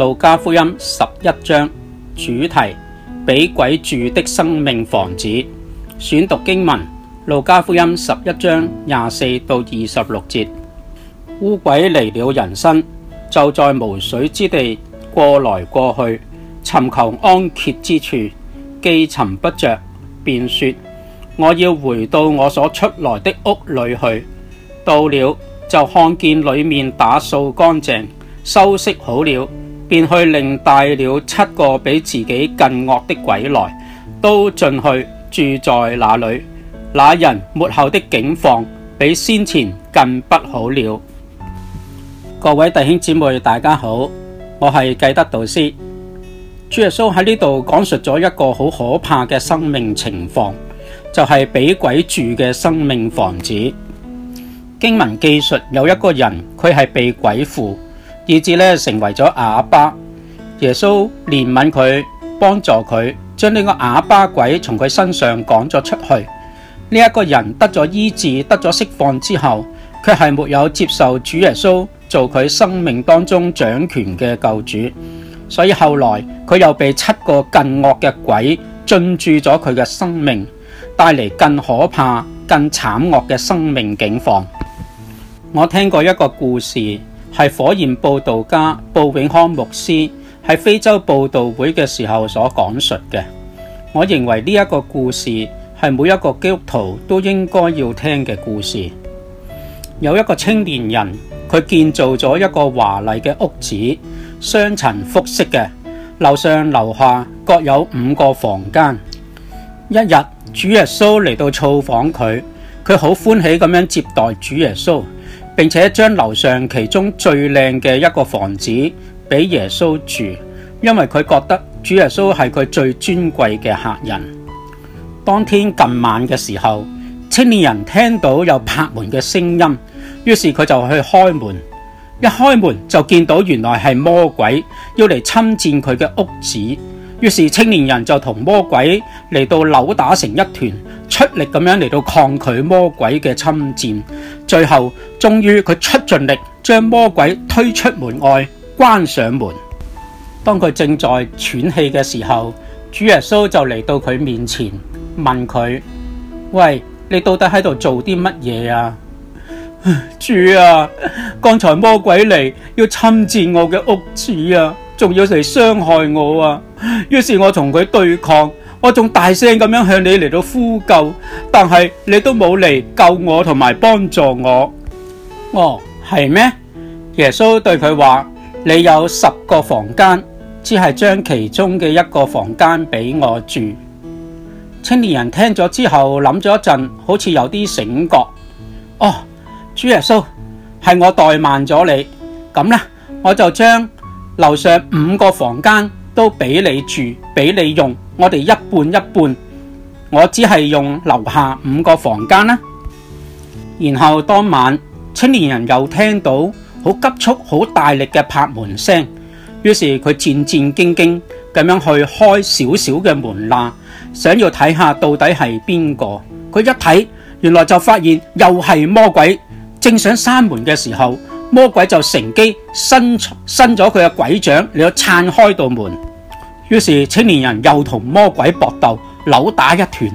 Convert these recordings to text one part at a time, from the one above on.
路加福音十一章主題：俾鬼住的生命房子。選讀經文：路加福音十一章廿四到二十六節。污鬼離了，人生就在無水之地過來過去，尋求安歇之處，既尋不着，便說：我要回到我所出來的屋裏去。到了就看見裏面打掃乾淨，收拾好了。便去另帶了七個比自己更惡的鬼來，都進去住在那裏。那人末後的景況比先前更不好了。各位弟兄姊妹，大家好，我係計德導師。主耶穌喺呢度講述咗一個好可怕嘅生命情況，就係俾鬼住嘅生命房子。經文記述有一個人，佢係被鬼附。以至咧，成為咗啞巴，耶穌憐憫佢，幫助佢，將呢個啞巴鬼從佢身上趕咗出去。呢一個人得咗醫治，得咗釋放之後，佢係沒有接受主耶穌做佢生命當中掌權嘅救主，所以後來佢又被七個更惡嘅鬼進駐咗佢嘅生命，帶嚟更可怕、更慘惡嘅生命境況。我聽過一個故事。係火焰布道家布永康牧師喺非洲布道會嘅時候所講述嘅，我認為呢一個故事係每一個基督徒都應該要聽嘅故事。有一個青年人，佢建造咗一個華麗嘅屋子，雙層複式嘅，樓上樓下各有五個房間。一日主耶穌嚟到造訪佢，佢好歡喜咁樣接待主耶穌。並且將樓上其中最靚嘅一個房子俾耶穌住，因為佢覺得主耶穌係佢最尊貴嘅客人。當天近晚嘅時候，青年人聽到有拍門嘅聲音，於是佢就去開門。一開門就見到原來係魔鬼要嚟侵占佢嘅屋子，於是青年人就同魔鬼嚟到扭打成一團。出力咁樣嚟到抗拒魔鬼嘅侵占，最後終於佢出盡力將魔鬼推出門外，關上門。當佢正在喘氣嘅時候，主耶穌就嚟到佢面前問佢：喂，你到底喺度做啲乜嘢啊？主啊，剛才魔鬼嚟要侵占我嘅屋子啊，仲要嚟傷害我啊，於是我同佢對抗。我仲大聲咁樣向你嚟到呼救，但係你都冇嚟救我同埋幫助我。哦，係咩？耶穌對佢話：你有十個房間，只係將其中嘅一個房間俾我住。青年人聽咗之後諗咗一陣，好似有啲醒覺。哦，主耶穌，係我怠慢咗你。咁呢，我就將樓上五個房間……都俾你住，俾你用，我哋一半一半。我只係用樓下五個房間啦。然後當晚，青年人又聽到好急促、好大力嘅拍門聲，於是佢戰戰兢兢咁樣去開少少嘅門罅，想要睇下到底係邊個。佢一睇，原來就發現又係魔鬼，正想閂門嘅時候。魔鬼就乘機伸伸咗佢嘅鬼掌，嚟到撐開道門。於是青年人又同魔鬼搏鬥，扭打一團。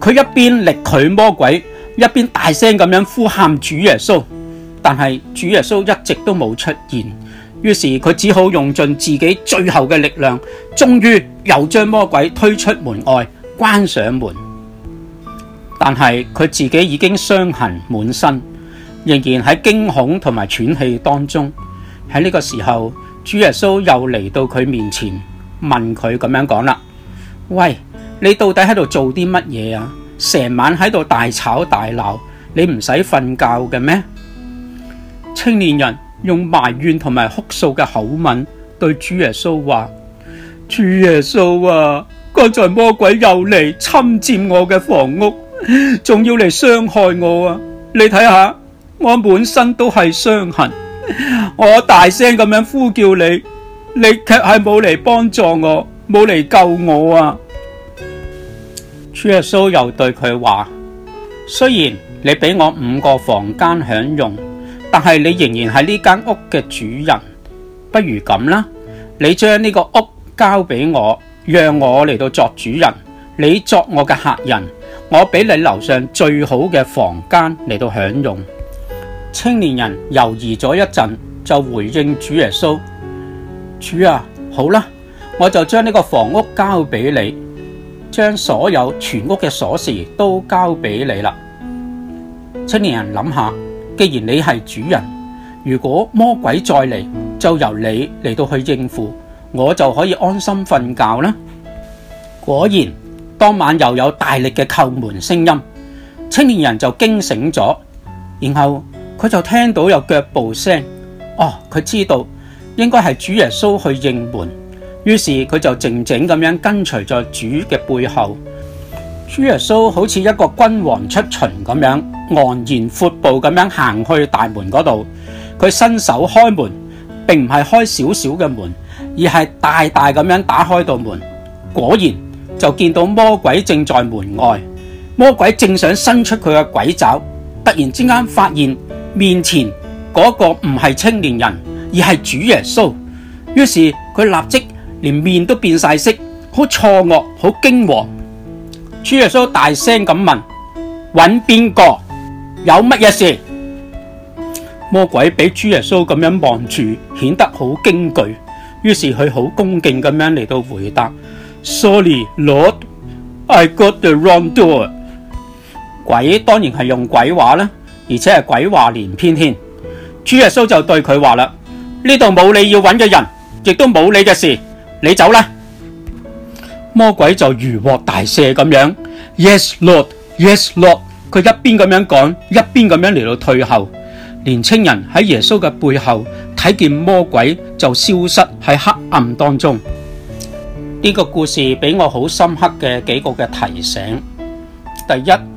佢一邊力拒魔鬼，一邊大聲咁樣呼喊主耶穌。但係主耶穌一直都冇出現，於是佢只好用盡自己最後嘅力量，終於又將魔鬼推出門外，關上門。但係佢自己已經傷痕滿身。仍然喺驚恐同埋喘氣當中，喺呢個時候，主耶穌又嚟到佢面前，問佢咁樣講啦，喂，你到底喺度做啲乜嘢啊？成晚喺度大吵大鬧，你唔使瞓覺嘅咩？青年人用埋怨同埋哭訴嘅口吻對主耶穌話，主耶穌啊，剛才魔鬼又嚟侵佔我嘅房屋，仲要嚟傷害我啊！你睇下。我滿身都係傷痕，我大聲咁樣呼叫你，你卻係冇嚟幫助我，冇嚟救我啊！主耶穌又對佢話：雖然你俾我五個房間享用，但係你仍然係呢間屋嘅主人。不如咁啦，你將呢個屋交俾我，讓我嚟到作主人，你作我嘅客人，我俾你樓上最好嘅房間嚟到享用。青年人猶豫咗一陣，就回應主耶穌：主啊，好啦，我就將呢個房屋交俾你，將所有全屋嘅鎖匙都交俾你啦。青年人諗下，既然你係主人，如果魔鬼再嚟，就由你嚟到去應付，我就可以安心瞓覺啦。果然當晚又有大力嘅叩門聲音，青年人就驚醒咗，然後，佢就聽到有腳步聲，哦，佢知道應該係主耶穌去應門，於是佢就靜靜咁樣跟隨在主嘅背後。主耶穌好似一個君王出巡咁樣昂然闊步咁樣行去大門嗰度。佢伸手開門，並唔係開少少嘅門，而係大大咁樣打開道門。果然就見到魔鬼正在門外，魔鬼正想伸出佢嘅鬼爪，突然之間發現，.面前嗰個唔係青年人，而係主耶穌。於是佢立即連面都變晒色，好錯愕，好驚惶。主耶穌大聲咁問：揾邊個？有乜嘢事？魔鬼俾主耶穌咁樣望住，顯得好驚懼。於是佢好恭敬咁樣嚟到回答：Sorry, Lord, I got the wrong door。鬼當然係用鬼話啦。而且係鬼話連篇添，主耶穌就對佢話啦：呢度冇你要揾嘅人，亦都冇你嘅事，你走啦！魔鬼就如獲大赦咁樣，Yes Lord，Yes Lord、yes。佢一邊咁樣講，一邊咁樣嚟到退後。年青人喺耶穌嘅背後睇見魔鬼就消失喺黑暗當中。呢個故事俾我好深刻嘅幾個嘅提醒：第一。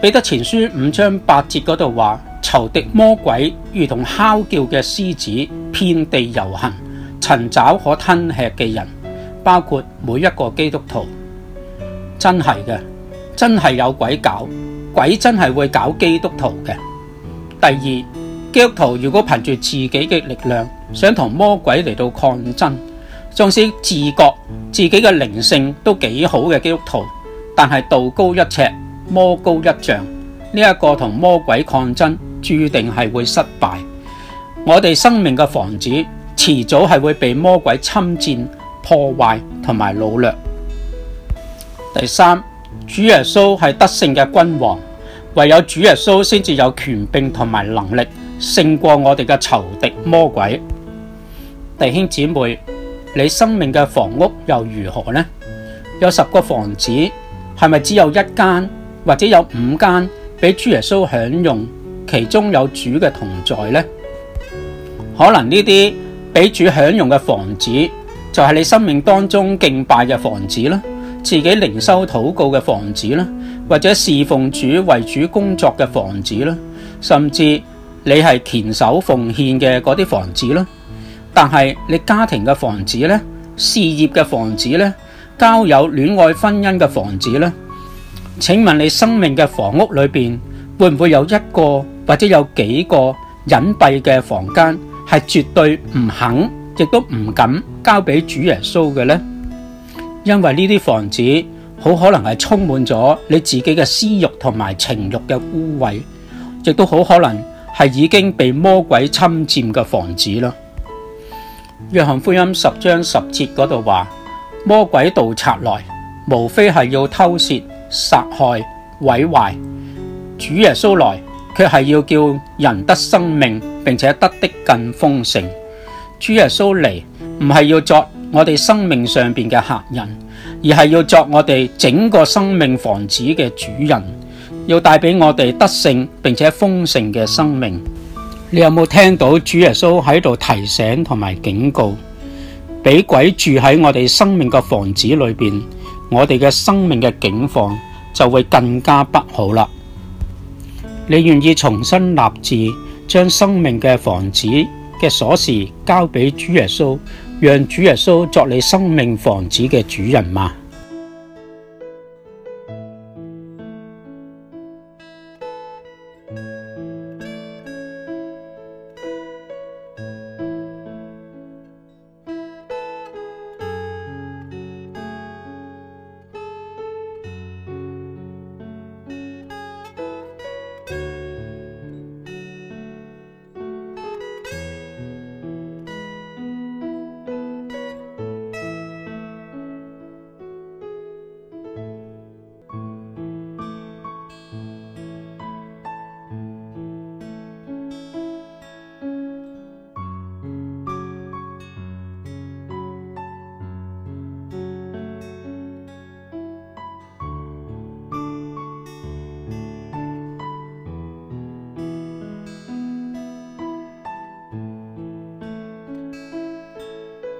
彼得前書五章八節嗰度話：仇敵魔鬼如同吼叫嘅獅子，遍地遊行，尋找可吞吃嘅人，包括每一個基督徒。真係嘅，真係有鬼搞，鬼真係會搞基督徒嘅。第二，基督徒如果憑住自己嘅力量想同魔鬼嚟到抗爭，就算自覺自己嘅靈性都幾好嘅基督徒，但係道高一尺魔高一丈，呢、這、一個同魔鬼抗爭，注定係會失敗。我哋生命嘅房子遲早係會被魔鬼侵占、破壞同埋擄掠。第三，主耶穌係得勝嘅君王，唯有主耶穌先至有權柄同埋能力勝過我哋嘅仇敵魔鬼。弟兄姊妹，你生命嘅房屋又如何呢？有十個房子，係咪只有一間？或者有五間俾主耶穌享用，其中有主嘅同在呢，可能呢啲俾主享用嘅房子，就係你生命當中敬拜嘅房子啦，自己靈修禱告嘅房子啦，或者侍奉主為主工作嘅房子啦，甚至你係虔守奉獻嘅嗰啲房子啦，但係你家庭嘅房子呢，事業嘅房子呢，交友戀愛婚姻嘅房子咧。請問你生命嘅房屋裏邊會唔會有一個或者有幾個隱蔽嘅房間係絕對唔肯亦都唔敢交俾主耶穌嘅呢？因為呢啲房子好可能係充滿咗你自己嘅私欲同埋情欲嘅污穢，亦都好可能係已經被魔鬼侵佔嘅房子咯。約翰福音十章十節嗰度話：魔鬼盜賊來，無非係要偷竊。殺害毀壞，主耶穌來，佢係要叫人得生命，並且得的更豐盛。主耶穌嚟，唔係要作我哋生命上邊嘅客人，而係要作我哋整個生命房子嘅主人，要帶俾我哋得勝並且豐盛嘅生命。你有冇聽到主耶穌喺度提醒同埋警告，俾鬼住喺我哋生命嘅房子裏邊？我哋嘅生命嘅境況就會更加不好啦。你願意重新立志，將生命嘅房子嘅鎖匙交俾主耶穌，讓主耶穌作你生命房子嘅主人嗎？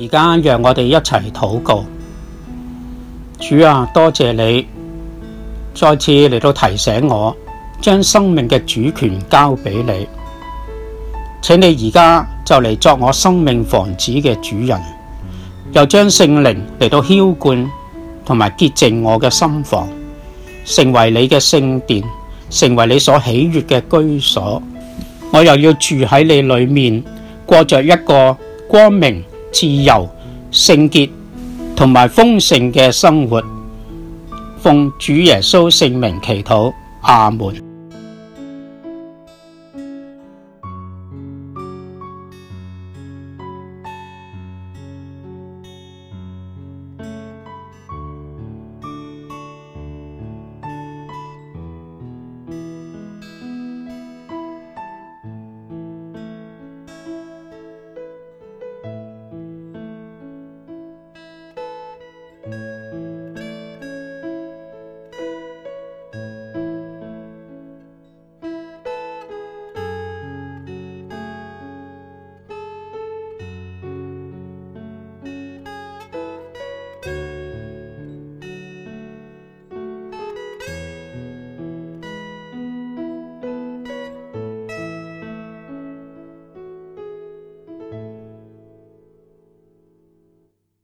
而家讓我哋一齊禱告，主啊，多謝你再次嚟到提醒我，將生命嘅主權交俾你，請你而家就嚟作我生命房子嘅主人，又將聖靈嚟到澆灌，同埋潔淨我嘅心房，成為你嘅聖殿，成為你所喜悅嘅居所。我又要住喺你裏面，過着一個光明。自由、聖潔同埋豐盛嘅生活，奉主耶穌聖名祈禱，阿門。